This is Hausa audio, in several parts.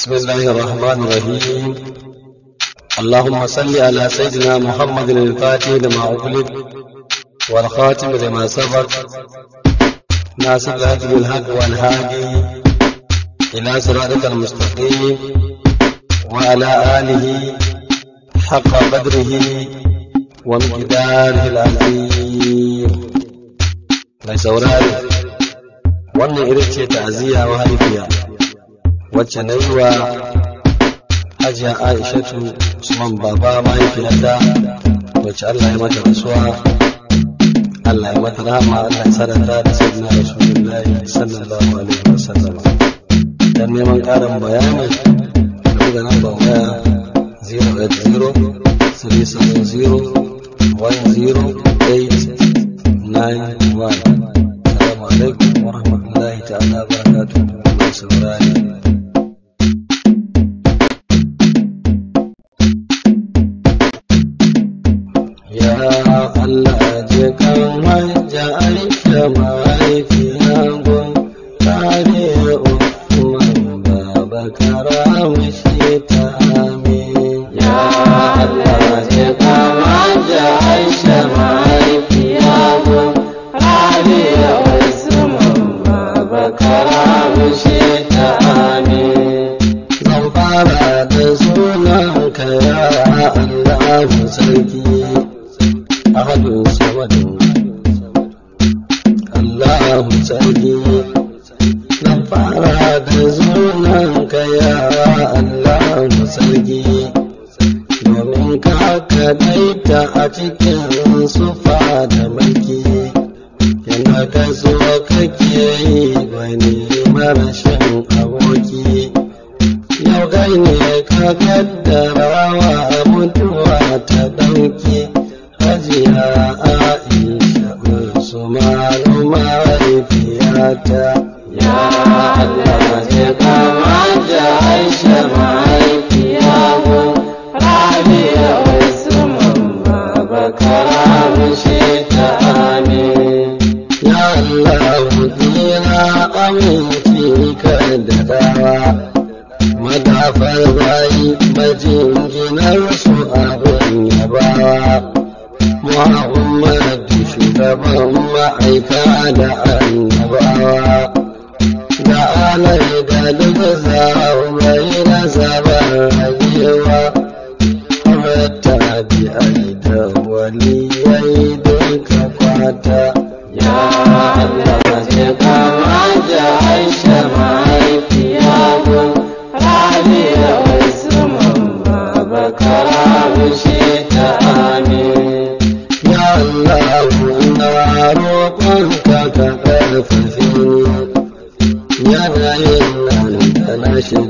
بسم الله الرحمن الرحيم اللهم صل على سيدنا محمد الفاتح لما أغلق والخاتم لما سبق ناصر الهدي الهدى والهادي إلى صراطك المستقيم وعلى آله حق قدره ومقداره العظيم ليس وراء وأن ita تعزيها ta'aziyya فيها wacce na yi wa hajiya tu usman baba mahaifiyar da wacce allah ya mata rasuwa allah ya mata rahama allah ya sadanta da sadina da sabbin rasulullahi sallallahu alaihi wasallam dan neman karin bayani kuka nan ba waya 080 370 1081 السلام عليكم ورحمة الله تعالى وبركاته ka ya Allah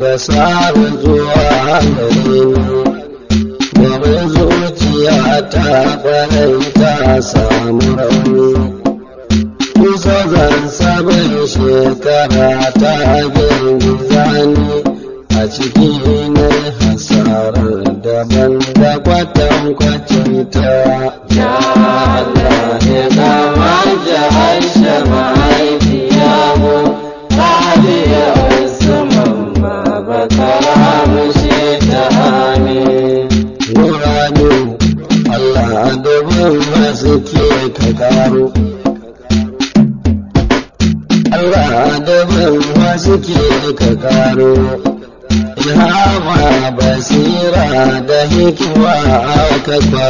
daga sa'ar zuwa gare ni domin zuciya ta faranta sa Bye.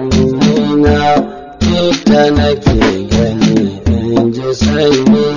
nake gani in ji sanyi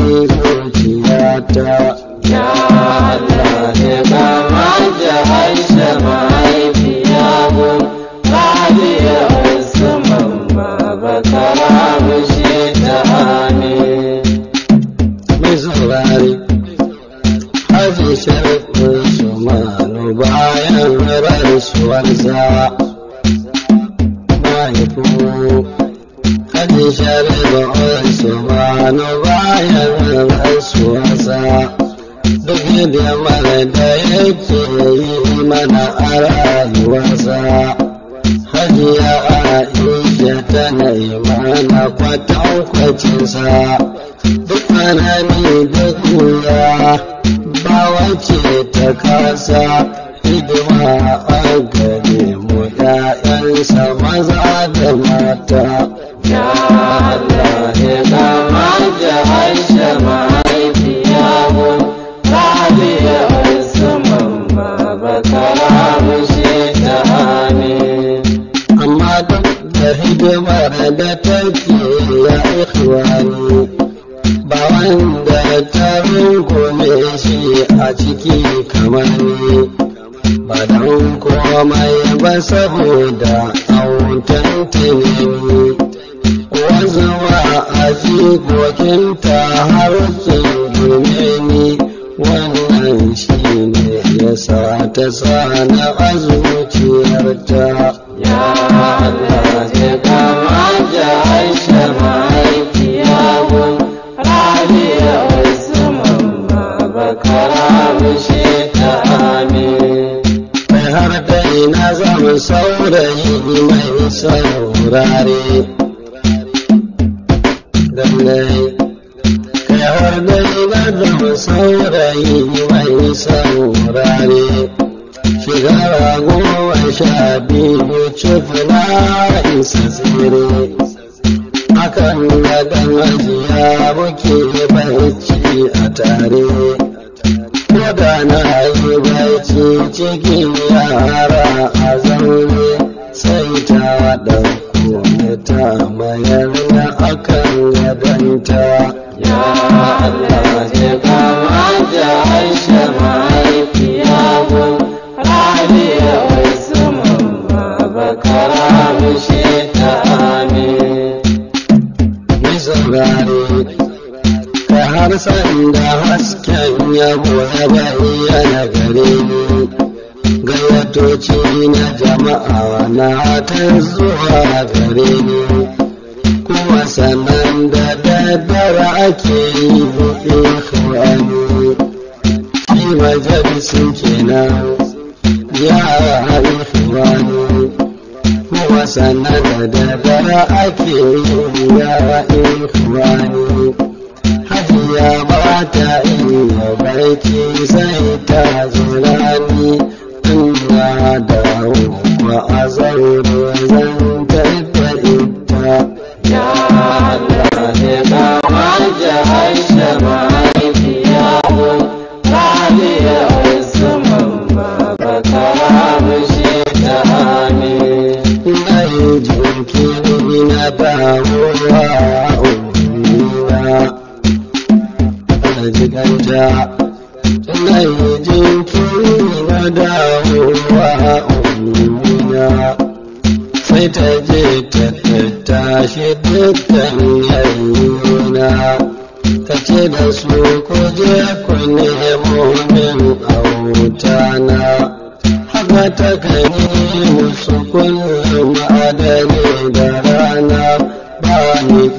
كل ما دني درانا باني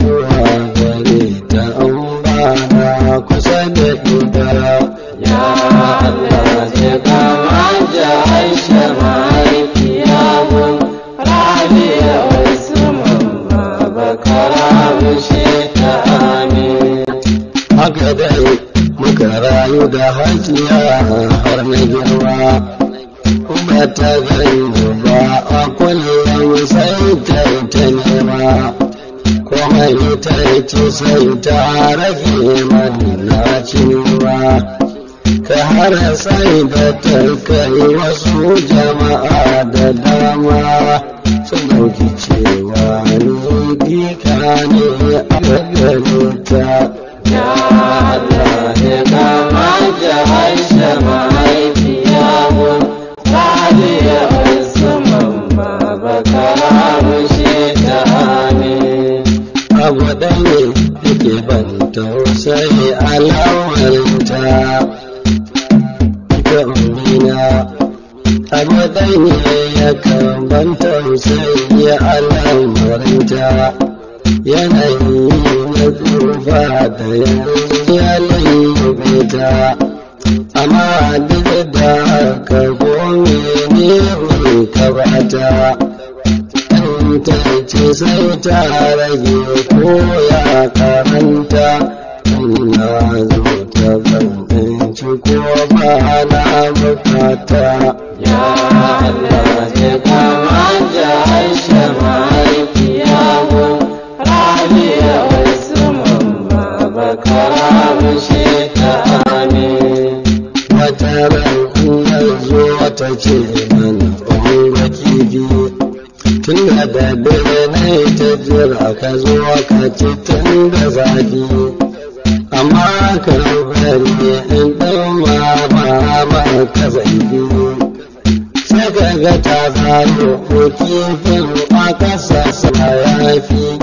ya karanta ina zo ta ban ko ba na bukata ya ka zo ka cikin da zafi amma ka bari in ɗauma ba ba ka zafi sai ka ga ta zaro ko kifin a ƙasa sa yafi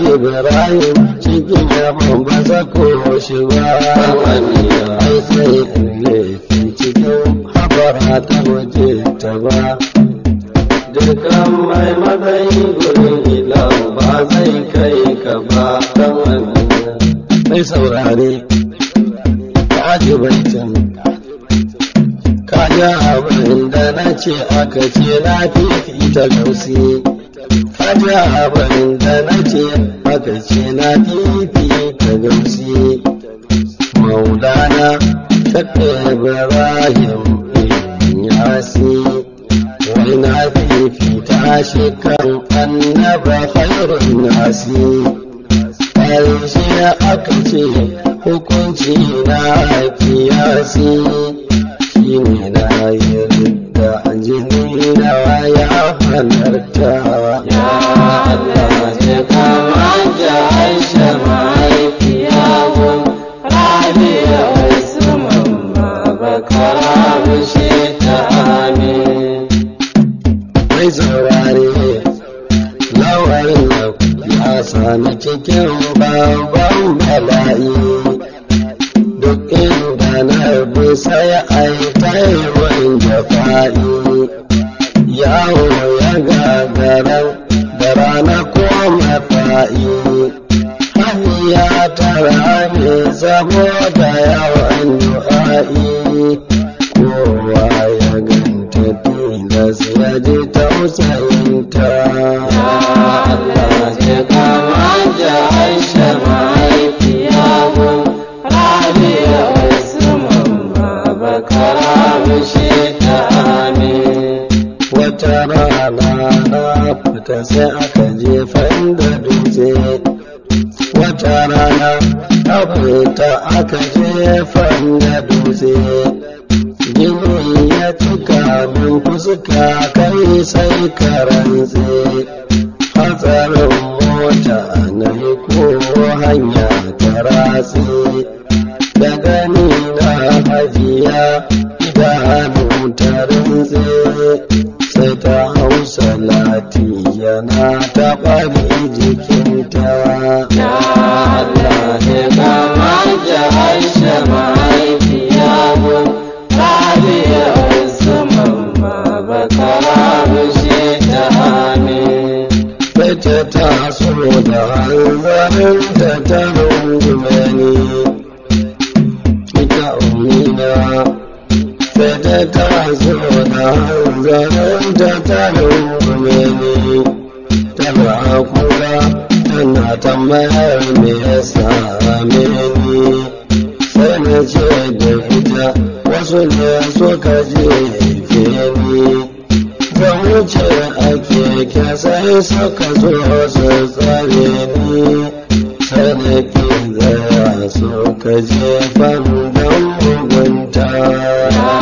Ibrahim cikin yamin ba za ko shi ba. Ai sai kulle cikin habara ta waje ta ba. Dukkan mai matsayi gurin ilan ba zai kai ka ba. Mai saurare, ka ji baitin. Ka ji abin da na ce aka ce na fi ita gausi. ja abin da ce maka ce na fifi ta gamsi maulana ta ibrahim yasi wai na fifi ta shi kan annaba khairun nasi ƙarshe aka ce hukunci na kiyasi ya tara ne da yawan du'a'i kowa ya ganta tilas ya ji tausayinta Allah ya da aisha mahaifiya mu usman ta wata rana na fita sai ce da ita wasu ne suka ke ni da wuce ake keke sai suka zo su tsare ni sanakin zaya je jefan don mugunta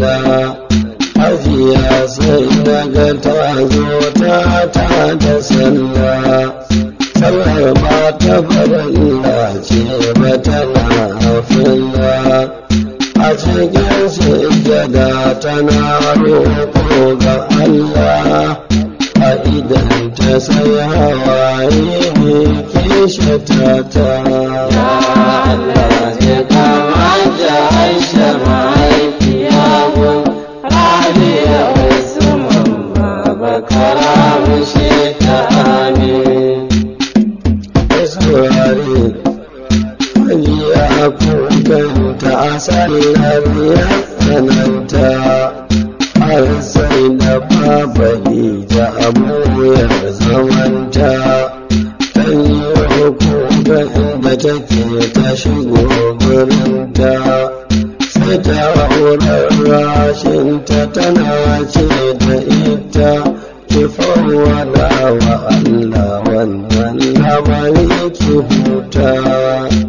da hajiya sai daga ta zo ta ta da sallah sallar ba ta farilla ce ba tana hafilla a cikin sujjada tana roƙo ga Allah a idan ta saya hawaye ne ke shatata. sanariyar tsananta an sai da baba hija amuriyar zamanta kan yi hukumar da take ta shigo birninta sai ta horar rashinta tana ce da ita ki da wa Allah wannan lamari ki huta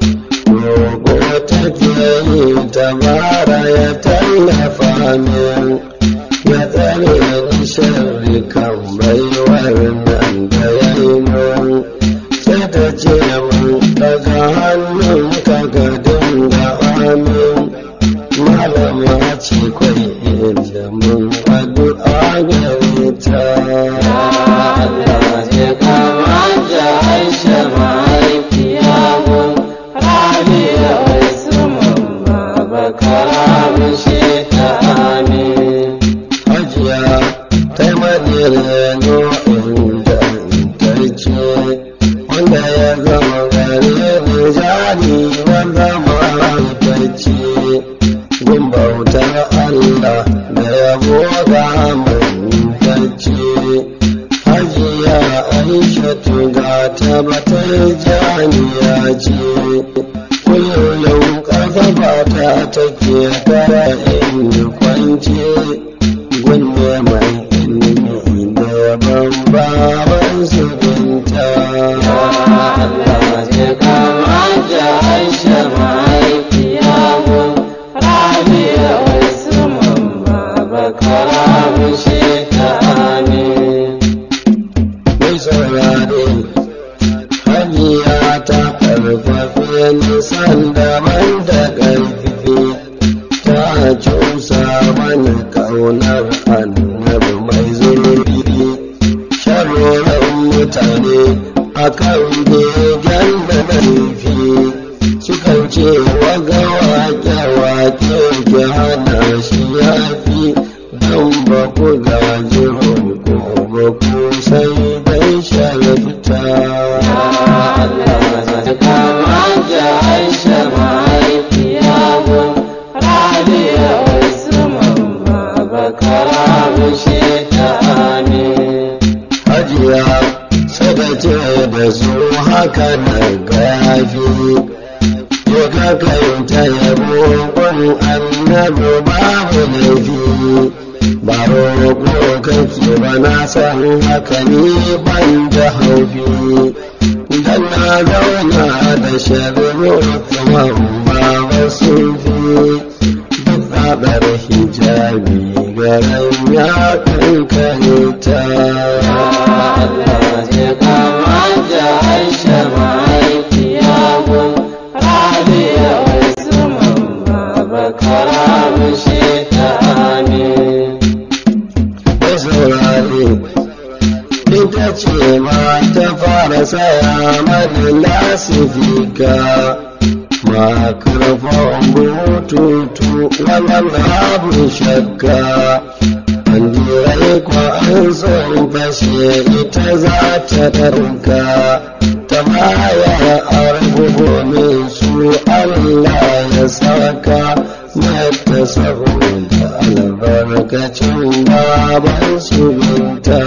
yake tabara ya tallafa min ya tsare ƙarfi ta cusa mana ƙaunar annar mai zurfi sharorin mutane akan ko an so fashe ita za ta ɗarka ta baya a su Allah ya saka mata saboda albarkacin baban su binta.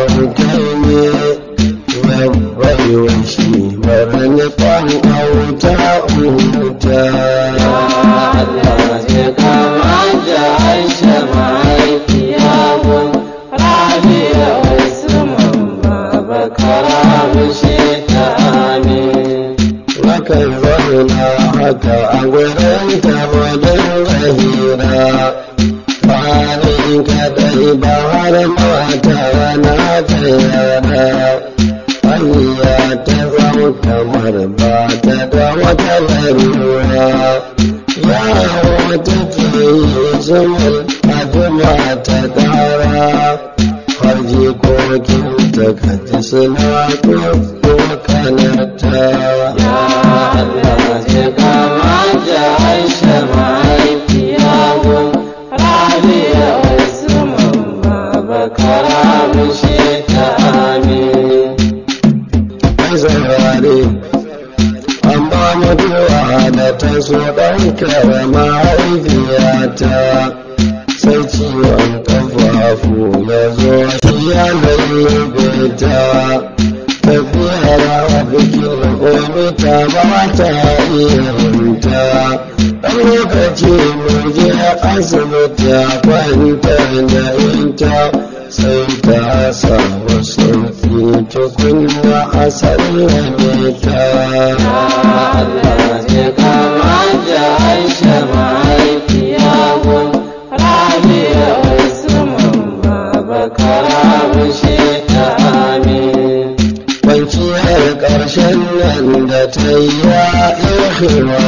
I'm telling you, when, when you wish me, when I'm up Allah ya kama da Aisha mahaifiya gun Rabi'a Usman baba ta amin kwanciyar ƙarshen nan da ta yi ya ɗaukewa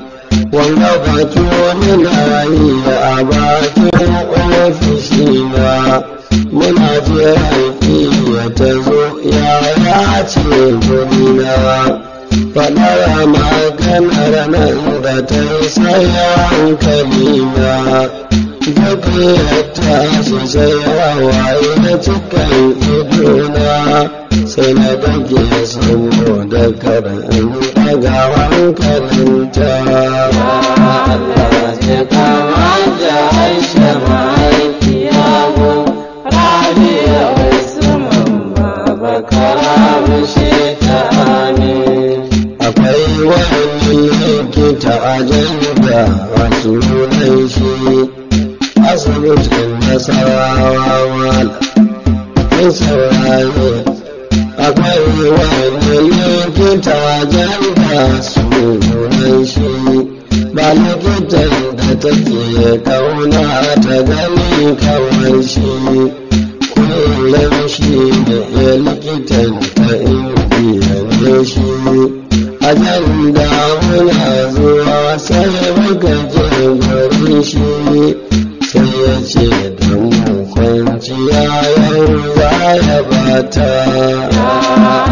kun ga fatu muna yi a bakin ofishi na muna jiran iya ta zo yaya ce gurina faɗar maganar nan da ta yi tsaya hankali na duk sosai su ya cikin idona sai na dage saboda karin ga hankalinta Allah ce kama da aisha mahaifiya ta amin akwai wani likita a jami'a a sunan asibitin nasarawa wala mun saurare akwai wani likita janta sunan shi ba likitan da take kauna ta gani kawai shi kullum shi ne likitan ta indiya shi a jan da muna zuwa sai muka je gurin shi sai ya ce kwanciya yaro za ya bata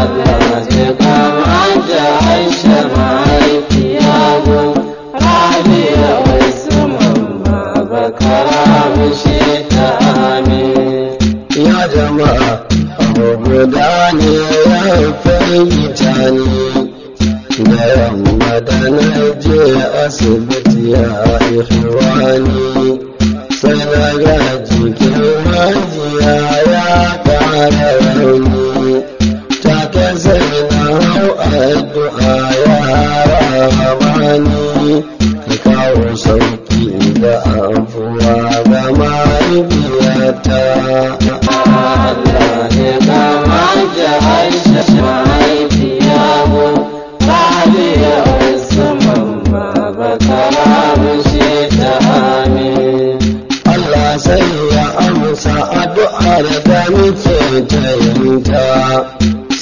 Allah ce kama da aisha mahaifiya mu rabiya wai su mamma bakara mushe ta amin ya jama'a abu guda ne ya fahimta ne da yamma da na je asibiti ya ihrani sanaga jikin majiya ya ƙara rauni ta kasa na hau addu'a ya ramani ka kawo sauki da afuwa ga mahaifiyata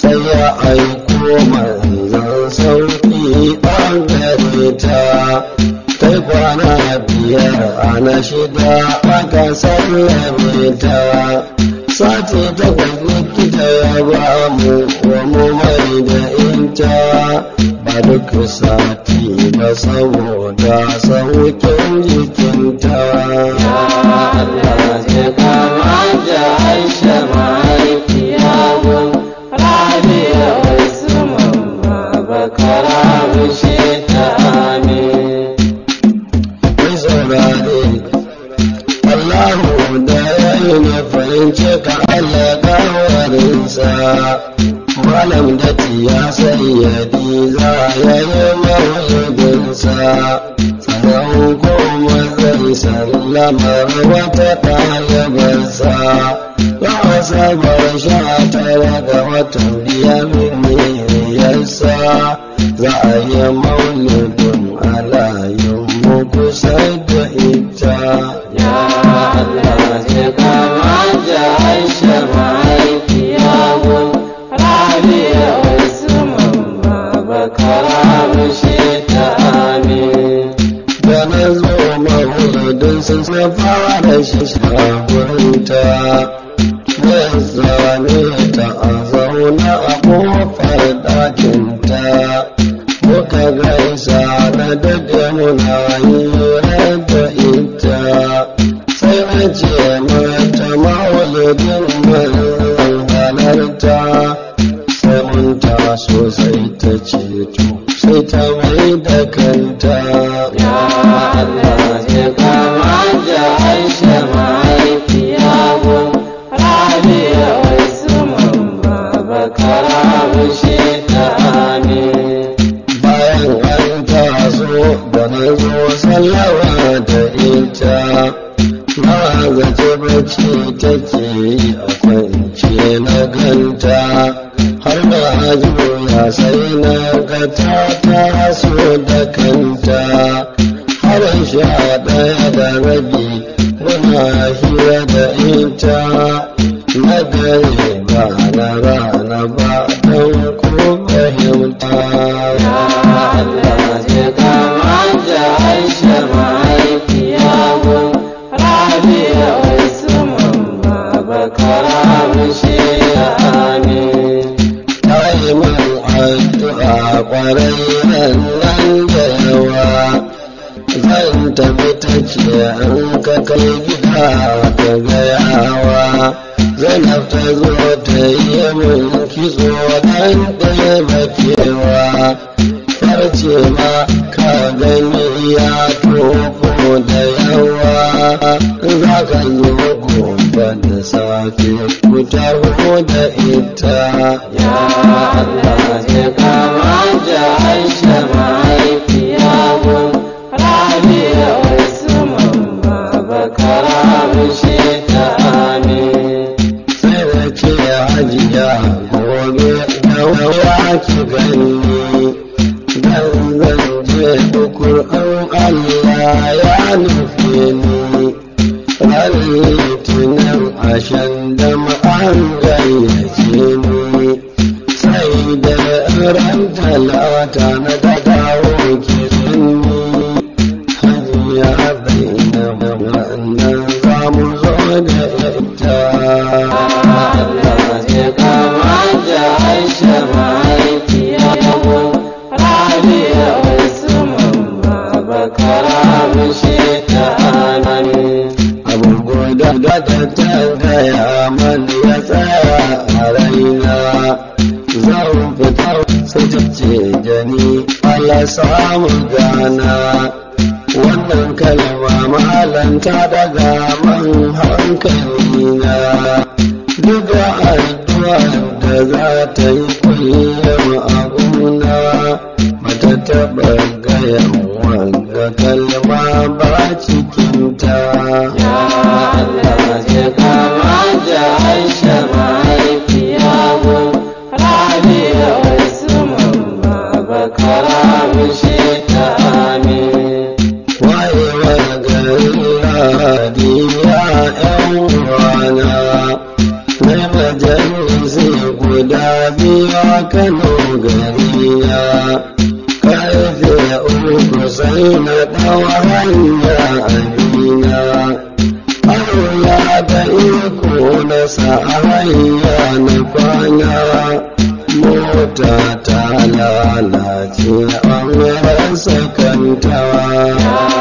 sai ya aiko manzan sauki an gare ta kwana biyar ana shida aka sallame ta sace ta likita ya ba mu mu mai da ita ba duk sati ba saboda saukin jikinta will take yi a kwance na ganta har ba hajjo sai na gata zama an gayyace ni sai da ran talata na ta lalace wannan sakantawa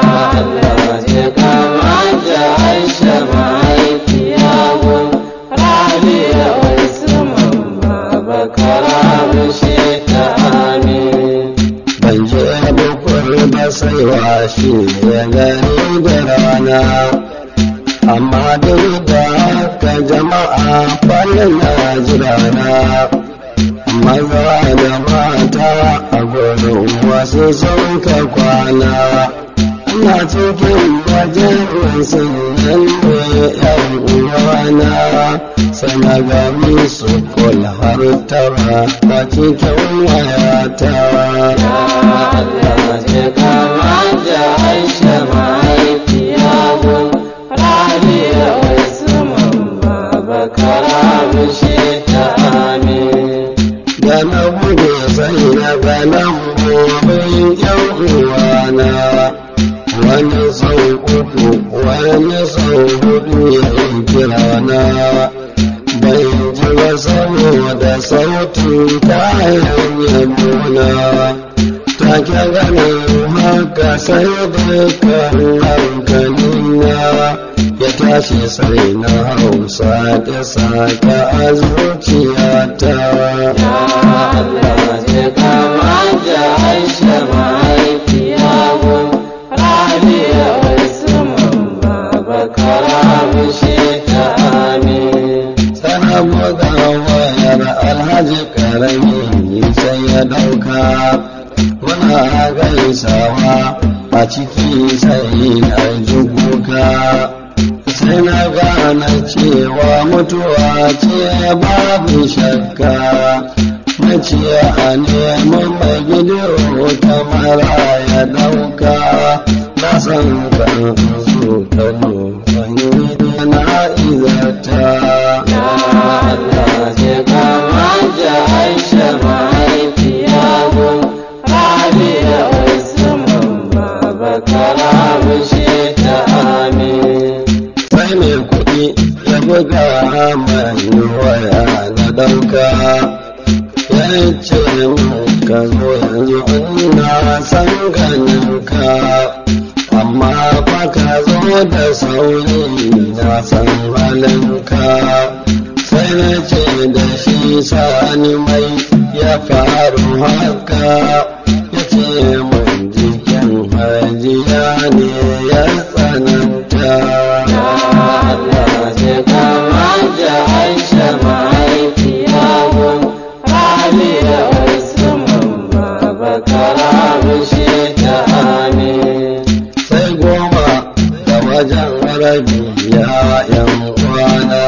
gami su kul har tara bakin kyan wayata ya Allah tashi sai na hausa sake-sake a allah yan kwana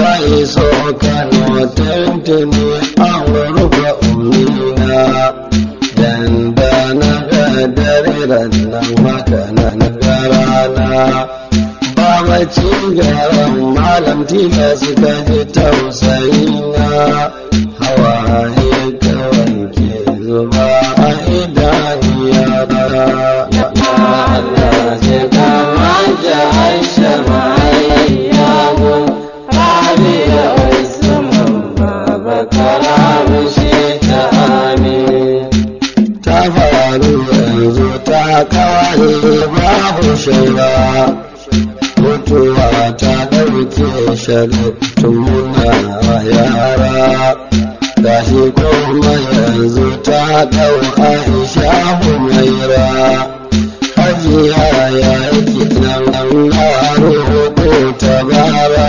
wa iso kano tuntuni an rufe umina dan na ga dare nan haka nan ga rana ba mace garan malam tila suka ji tausayina hawaye kawai ke zuba kawai babu shaida mutuwa ta ɗauke shari tun muna yara gashi kuma yanzu ta ɗau aisha humaira hajiya ya yake nan an ta bara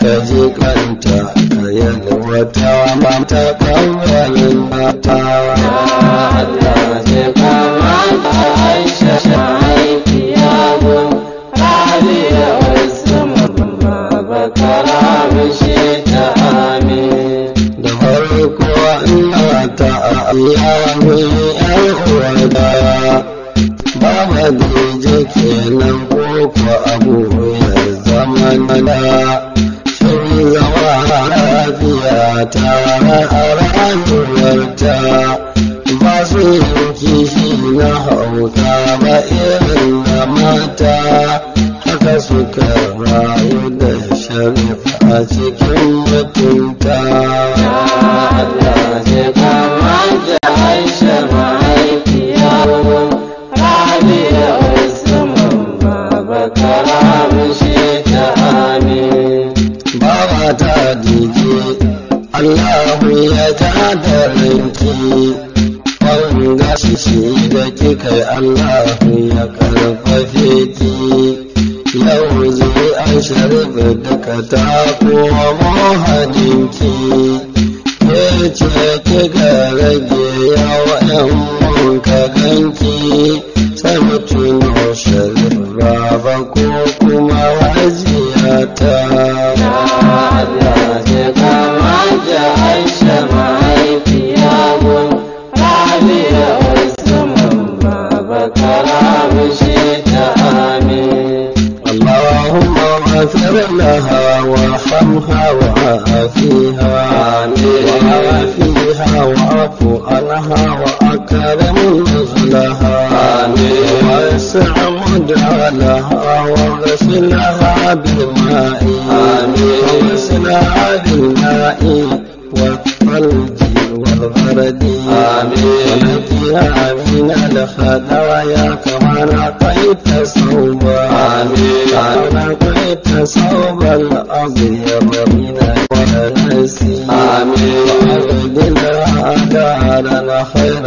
ka je kanta ka wata mata kawai aure aihuwar daya ba Hadija kenan ko ko abu ya zama nana shin zama lafiya ta a rayuwarta ba su yanki shi na hauka ba irin na mata haka suka rayu da sharifa a cikin الشهادة ويا كمان أعطيت صوبا كمان أعطيت صوبا الأرض يرمينا ونسي آمين وأبدلها أدارنا خير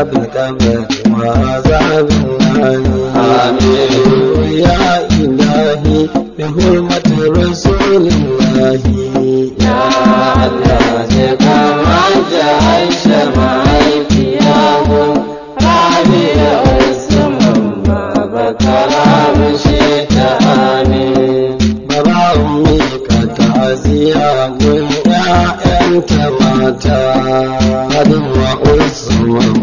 zaɓin ƙamar ma zaɓin nani. Aleluya ilahi da hulmata rasulun lahi. Ya Allah ce kama ja aisha mahaifiya ko rabiya musamman ba ka rabushe ta ame. Bara umi ka ta'aziya ko ya'yanta mata. Hadin wa Usman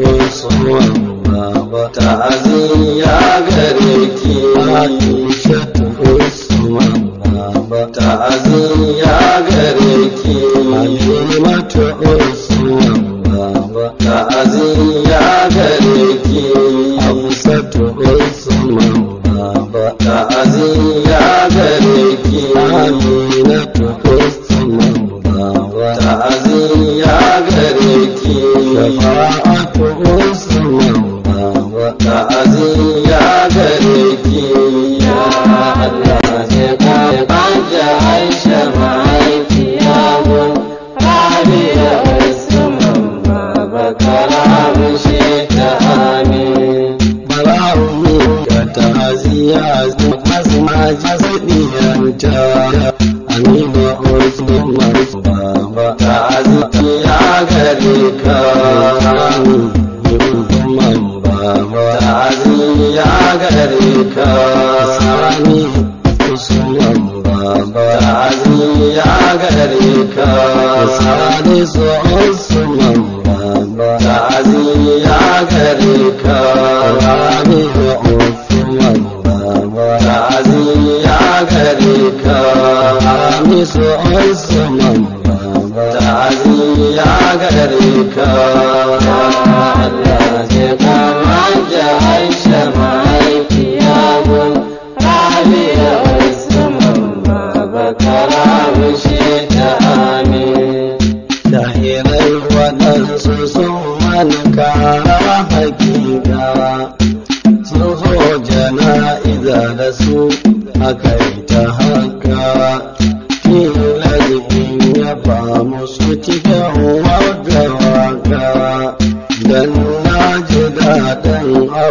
gaisuwar baba ta'aziyya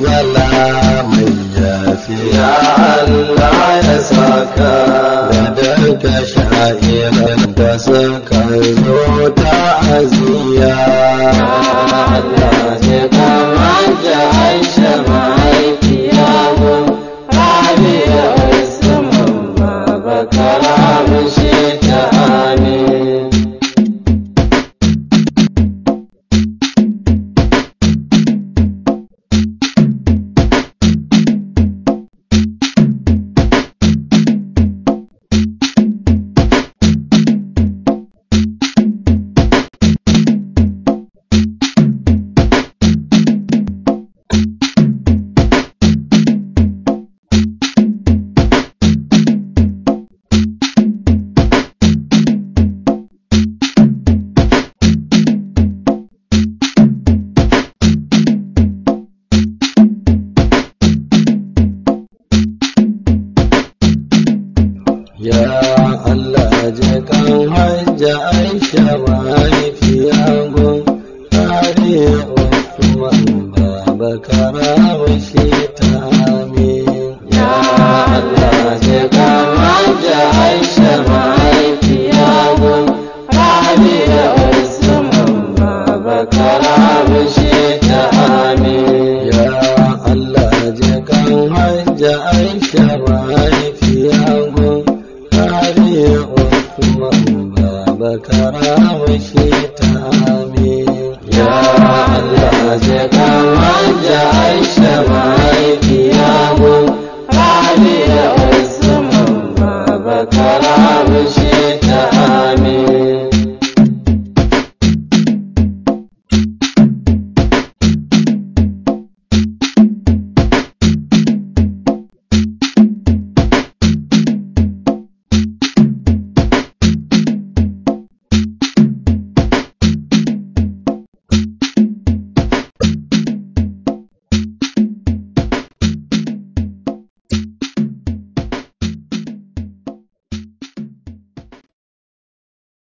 Well,